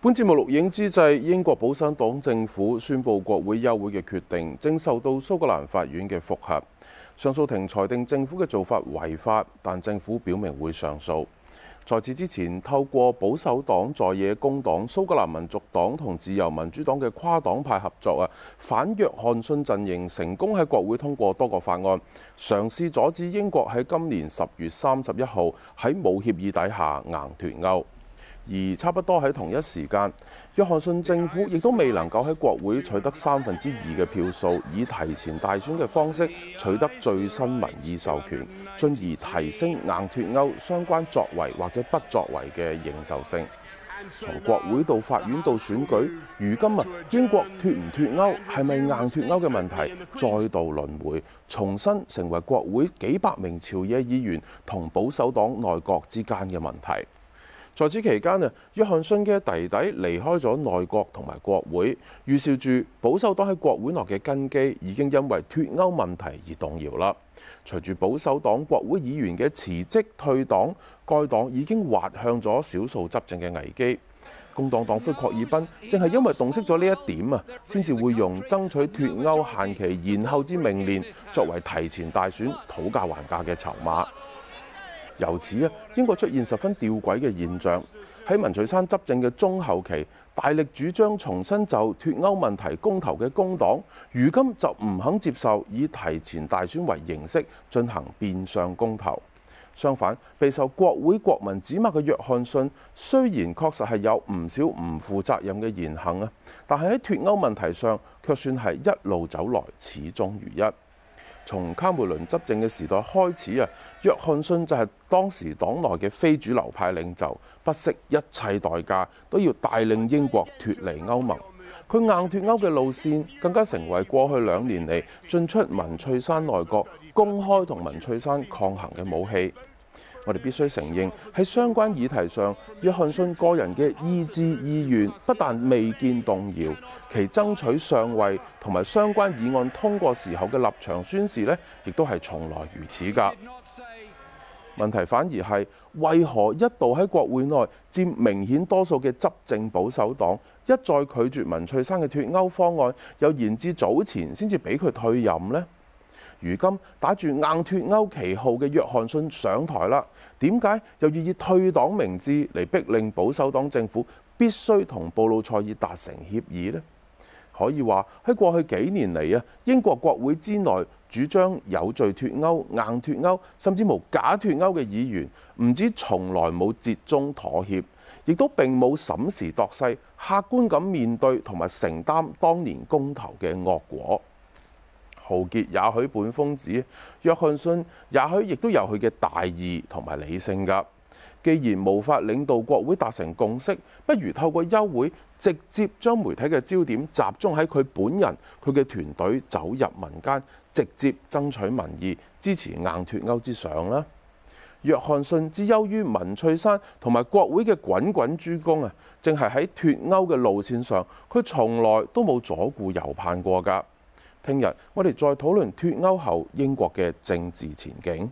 本節目錄影之際，英國保守黨政府宣布國會休會嘅決定，正受到蘇格蘭法院嘅複核。上訴庭裁定政府嘅做法違法，但政府表明會上訴。在此之前，透過保守黨在野工黨、蘇格蘭民族黨同自由民主黨嘅跨黨派合作啊，反約翰遜陣營成功喺國會通過多個法案，嘗試阻止英國喺今年十月三十一號喺冇協議底下硬脱歐。而差不多喺同一時間，約翰遜政府亦都未能夠喺國會取得三分之二嘅票數，以提前大選嘅方式取得最新民意授權，進而提升硬脱歐相關作為或者不作為嘅認受性。從國會到法院到選舉，如今啊，英國脱唔脱歐係咪硬脱歐嘅問題，再度輪迴，重新成為國會幾百名朝野議員同保守黨內閣之間嘅問題。在此期間啊，約翰遜嘅弟弟離開咗內閣同埋國會，預兆住保守黨喺國會內嘅根基已經因為脱歐問題而動搖啦。隨住保守黨國會議員嘅辭職退黨，該黨已經滑向咗少數執政嘅危機。工黨黨魁郭爾賓正係因為洞悉咗呢一點啊，先至會用爭取脱歐限期延後至明年作為提前大選討價還價嘅籌碼。由此啊，英國出現十分吊詭嘅現象。喺文翠珊執政嘅中後期，大力主張重新就脱歐問題公投嘅工黨，如今就唔肯接受以提前大選為形式進行變相公投。相反，備受國會國民指罵嘅約翰遜，雖然確實係有唔少唔負責任嘅言行啊，但係喺脱歐問題上，卻算係一路走來始終如一。從卡梅倫執政嘅時代開始啊，約翰遜就係當時黨內嘅非主流派領袖，不惜一切代價都要帶領英國脱離歐盟。佢硬脱歐嘅路線，更加成為過去兩年嚟進出文翠山內閣、公開同文翠山抗衡嘅武器。我哋必須承認，喺相關議題上，約翰遜個人嘅意志意願不但未見動搖，其爭取上位同埋相關議案通過時候嘅立場宣示呢，亦都係從來如此㗎。問題反而係，為何一度喺國會內佔明顯多數嘅執政保守黨，一再拒絕文翠珊嘅脱歐方案，又延至早前先至俾佢退任呢？如今打住硬脱歐旗號嘅約翰遜上台啦，點解又要以退黨名義嚟逼令保守黨政府必須同布魯塞爾達成協議呢？可以話喺過去幾年嚟啊，英國國會之內主張有序脱歐、硬脱歐甚至無假脱歐嘅議員，唔止從來冇折中妥協，亦都並冇審時度勢，客觀咁面對同埋承擔當年公投嘅惡果。豪傑也許本瘋子，約翰遜也許亦都有佢嘅大義同埋理性㗎。既然無法領導國會達成共識，不如透過休會直接將媒體嘅焦點集中喺佢本人、佢嘅團隊走入民間，直接爭取民意支持硬脱歐之上啦。約翰遜之優於文翠珊同埋國會嘅滾滾諸公啊，淨係喺脱歐嘅路線上，佢從來都冇左顧右盼過㗎。聽日，我哋再討論脫歐後英國嘅政治前景。